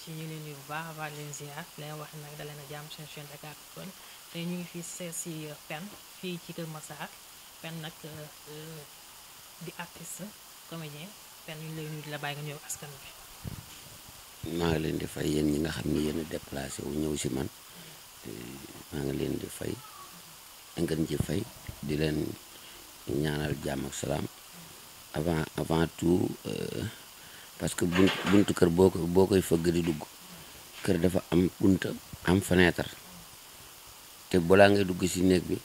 ci ñu leen nuyu bu baax baax leen ziar leen wax nag daleen a jàmm seen chaîne Dakar Togn tey ñu ngi fi seet si Pène fii ci Kër Massar Pène nag euh, euh, di artiste comédien Pène ñu lay nuyu la bàyyi nga ñëw askan bi maa ngi leen di fay yéen ñi nga xam ne yéen a déplacé wu ñëw si man maa ngi leen di fay ngeen ji fay di leen ñaanal jàmm ak salaam avant avant tout euh, parce que bunt kër boo ko boo koy fëgg di dugg kër dafa am bunta am fenêtre te balaa ngay dugg ci néeg bi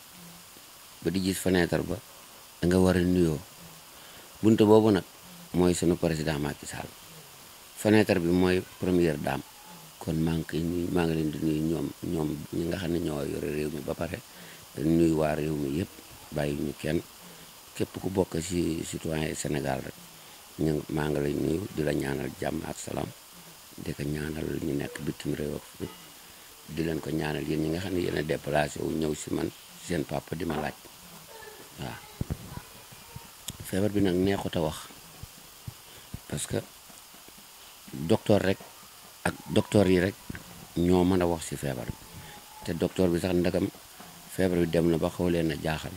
ba di gis fenêtre ba danga war a nuyoo bunta boobu nag mooy sunu président Macky Sall fenêtre bi mooy première dame kon maa ngi koy ngi leen di nuyu ñoom ñoom ñi nga xam ne ñoo yore réew mi ba pare nuyu waa réew mi yëpp bàyyi ñu kenn képp ku bokk ci citoyen Sénégal rek ñu maa ngi lay di la ñaanal jàmm ak salaam di ko ñu nekk bitim réew ak leen ko ñaanal yéen ñi nga xam ne yéen a déplacé wu ñëw si man seen papa di ma laaj waaw bi nag neexut a wax parce que docteur rek ak docteur yi rek ñoo mën a wax si feebar bi te docteur bi sax ndagam feebar bi dem na ba xaw leen a jaaxal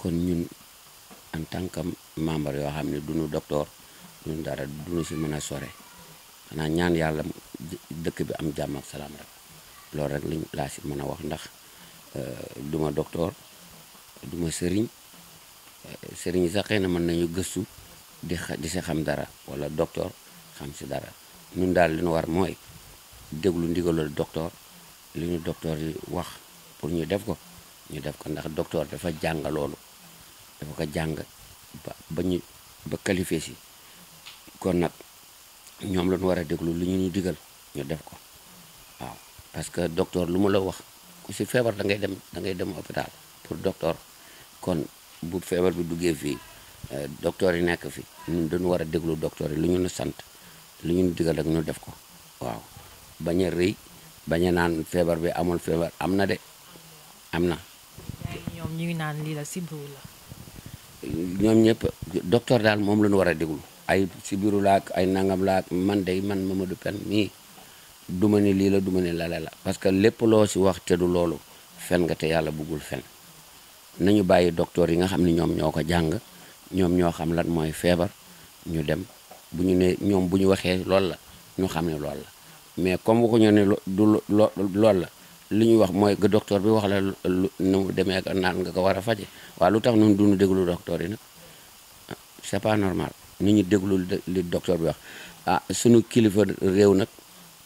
kon ñun en tant membre yoo xam ne duñu doktoor duñu dara duñu si mën a sore xanaa ñaan yàlla dëkk bi am jàmm ak salaam rek loolu rek lañ laa si mën a wax ndax euh, duma docteur duma sëriñ euh, sëriñ sax xëy na mën nañu gëstu di si xam dara wala docteur xam si dara ñun daal li ñu war mooy déglu loolu docteur lu ñu docteur yi wax pour ñu def ko ñu def ko ndax docteur dafa jàng loolu dafa ko jàng ba ba ñu ba qualifié si kon nag ñoom la ñu war a déglu lu ñu ñu digal ñu def ko waaw parce que docteur lu ma la wax ku si feebar da ngay dem da dem hôpital pour docteur kon bu feebar bi duggee fii euh, docteur yi nekk fi ñun dañu war a déglu docteur yi lu ñu nu sant lu ñu nu digal rek ñu def ko waaw bañ a rëy bañ a naan feebar bi amul feebar am na de am na. ñoom ñoom ñëpp docteur daal moom la ñu war a déglu ay si biiru ay nangam laak man de man Mamadou pen mii duma ni lii la duma ni lale la parce que lépp loo si wax du loolu fen nga te yàlla bëggul fen nañu bàyyi docteur yi nga xam ne ñoom ñoo ko jàng ñoom ñoo xam lan mooy feebar ñu dem bu ñu ne ñoom bu ñu waxee loolu la ñu xam ne lool la mais comme waxuñu ne du loolu la li ñuy wax mooy que doctor bi wax la lu nu mu demee ak naan nga ko war a faje waaw lu tax ñun du déglu docteur yi nag ah, c'est pas normal ni ñu déglu li docteur bi wax ah sunu kilifa réew nag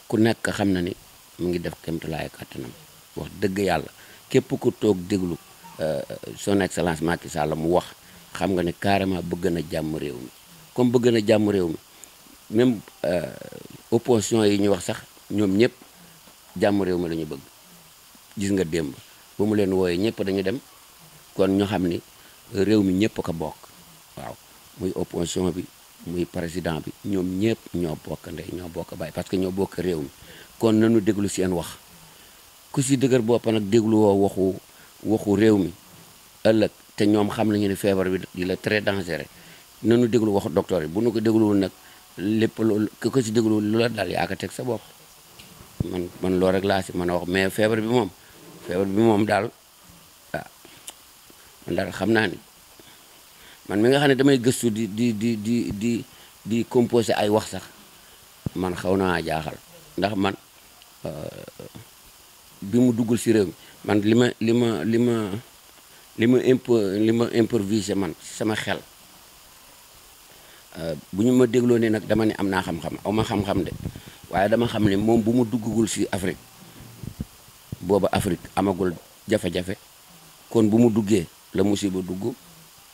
ku nekk xam na ni mu ngi def kéemtalaay kàttanam wax dëgg yàlla képp ku toog déglu euh, son excellence Macky Sall mu wax xam nga ni carrément bëgg na jàmm réew mi comme bëgg na jàmm réew mi même euh, opposition yi ñu wax sax ñoom ñëpp jàmm réew mi la ñu bëgg. gis nga démb ba mu leen wooyee ñëpp dañu dem kon ñu xam ni réew mi ñëpp ko bokk waaw muy opposition bi muy président bi ñoom ñëpp ñoo bokk ndey ñoo bokk bàyyi parce que ñoo bokk réew mi kon nañu déglu seen wax ku si dëgër bopp nag déglu waxu waxu réew mi ëllëg te ñoom xam nañu ne feebar bi di la très dangereux nañu déglu waxu docteur yi bu nu ko dégluwul nag lépp lu ku ko si dégluwul lu la dal yaa ko teg sa bopp man man loolu rek laa si mën a wax mais feebar bi moom feebar bi moom daal waaw ah, man daal xam naa ni man mi nga xam ne damay gëstu di di di di di di composé ay wax sax man xaw naa jaaxal ndax man euh, bi mu duggul si réew mi man li ma li ma li ma li ma impo li ma improvisé man sama xel euh, bu ñu ma dégloo ne nag dama ne am naa xam-xam aw ma xam-xam de waaye dama xam ni moom bu mu duggagul si Afrique booba Afrique amagul jafe-jafe kon bu mu duggee la musiba dugg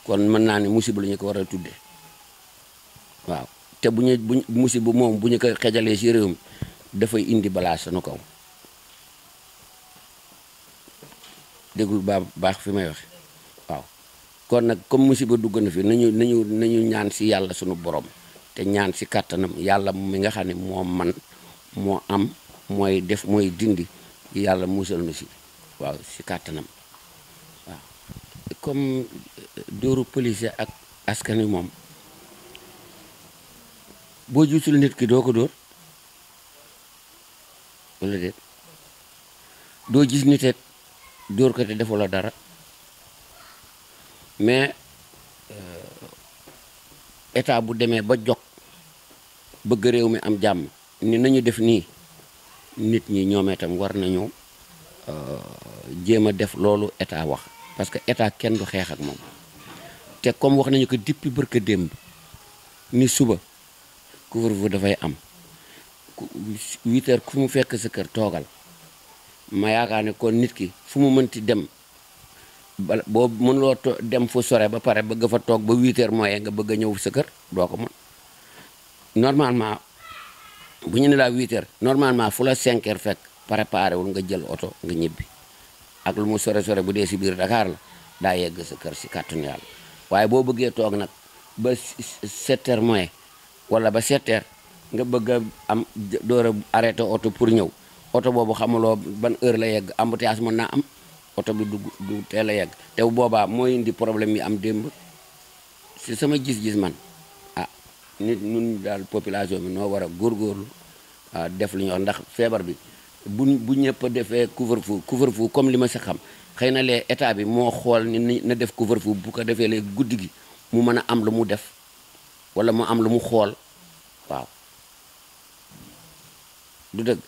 kon mën naa ni musiba la ñu ko war a tudde waaw te bu ñu bu moom bu ñu ko xejalee si réew mi dafay indi balaa sunu kaw déggul baa baax fi may waxe waaw kon nag comme musiba dugg na fi nañu nañu nañu ñaan ci yàlla sunu borom. te ñaan si kàttanam yàlla mi nga xam ne moo man moo am mooy def mooy dindi yàlla musal nu si waaw si kàttanam waaw comme euh, dóoru policier ak askan wi moom boo juutul nit ki doo ko dóor wala déet doo gis nit dóor ko te defula dara mais état bu demee ba jog bëgg réew mi am jàmm ni nañu def nii nit ñi ñoom itam war nañu euh, jéem a def loolu état wax parce que état kenn du xeex ak moom te comme wax nañu ko depuis barka démb ni suba couvre-feu dafay am huit heures ku mu fekk sa kër toogal ma yaakaar kon nit ki fu mu mënti dem bala boo mënuloo dem fu sore ba pare bëgg a toog ba huit heures mooy nga bëgg a ñëw sa kër doo ko mën normalement bu ñu ne laa huit heures normalement fu la cinq heures fekk préparé wul nga jël oto nga ñibbi ak lu mu sore sore bu dee si biir dakaar la daa yegg sa kër si kàttanu yàlla waaye boo bëggee toog nag ba sept heures moins wala ba sept nga bëgg a am door a arrêté oto pour ñëw oto boobu xamuloo ban heure la yegg embouteillage mën naa am. oto bi du du teel a yegg te boobaa mooy indi problème yi am démb si sama gis-gis man ah nit ñun daal population bi noo war a góor góorlu ah, def li ñuy wax ndax feebar bi bu ñëpp defee couvre-feu couvre-feu comme li ma si xam xëy na lee état bi moo xool ni na def couvre-feu bu ko defee léegi guddi gi mu mën a am lu mu def wala mu am lu mu xool waaw du dëgg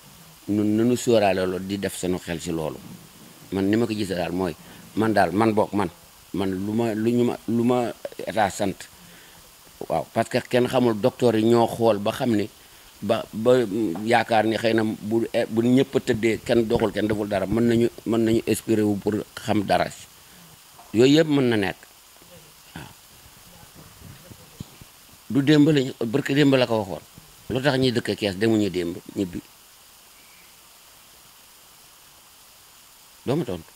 ñun nanu sóoraale loolu di def sunu xel si loolu man ni ma ko gisee daal mooy man daal man bokk man man lu ma lu ñu ma lu ma état sant waaw parce que kenn xamul docteur yi ñoo xool ba xam ni ba ba yaakaar ni xëy na bu bu ñëpp tëddee kenn doxul kenn deful dara mën nañu mën nañu inspiré wu pour xam dara yooyu yëpp mën na nekk du démb lañu barke démb la ko waxoon lu tax ñuy dëkk kees demuñu démb ñibbi doo ma tontu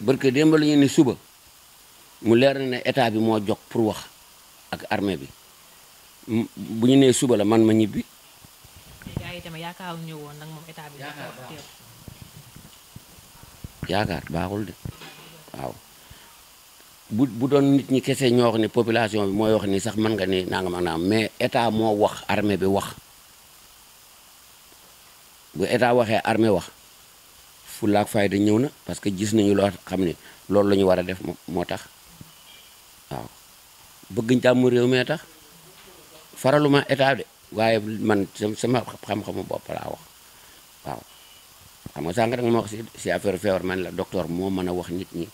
barke démb la ñu ne suba mu leer na ne état bi moo jox pour wax ak armée bi bu ñu nee suba la man ma ñibbi. gars yi tamit yaakaar ñu woon nag moom état bi. yaakaar baaxul de waaw. bu bu doon nit ñi kese ñoo wax ne population bi mooy wax ni sax man nga ni nanga ma naam mais état moo wax armée bi wax bu état waxee armée wax fulla ak fayda ñëw na parce que gis nañu loo xam ne loolu la ñu war a def moo tax waaw bëgg jàmm réew mee tax faraluma état de waaye man sama xam-xamu bopp wax waaw xam nga sànq rek ma wax si si affaire feebar man la docteur moo mën a wax nit ñi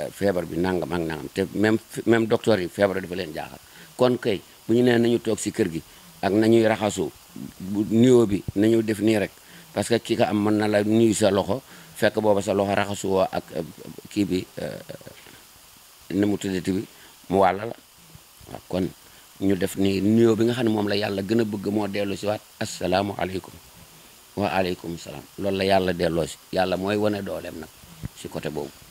euh, feebar bi nangam ak nangam te même même docteur yi feebar dafa leen jaaxal kon kay bu ñu nee nañu toog si kër gi ak nañuy raxasoo bu nuyoo bi nañu def nii rek parce que ki ko am mën na la nuyu sa loxo fekk boobu sa loxo raxasuwoo ak euh, kii bi euh, ni mu tuddati bi mu wàlla la waaw kon ñu def ni nuyoo bi nga xam ne moom la yàlla gën a bëgg moo dellu si waat asalaamualeykum wa aleykum salaam loolu la yàlla delloo si yàlla mooy wane dooleem nag si côté boobu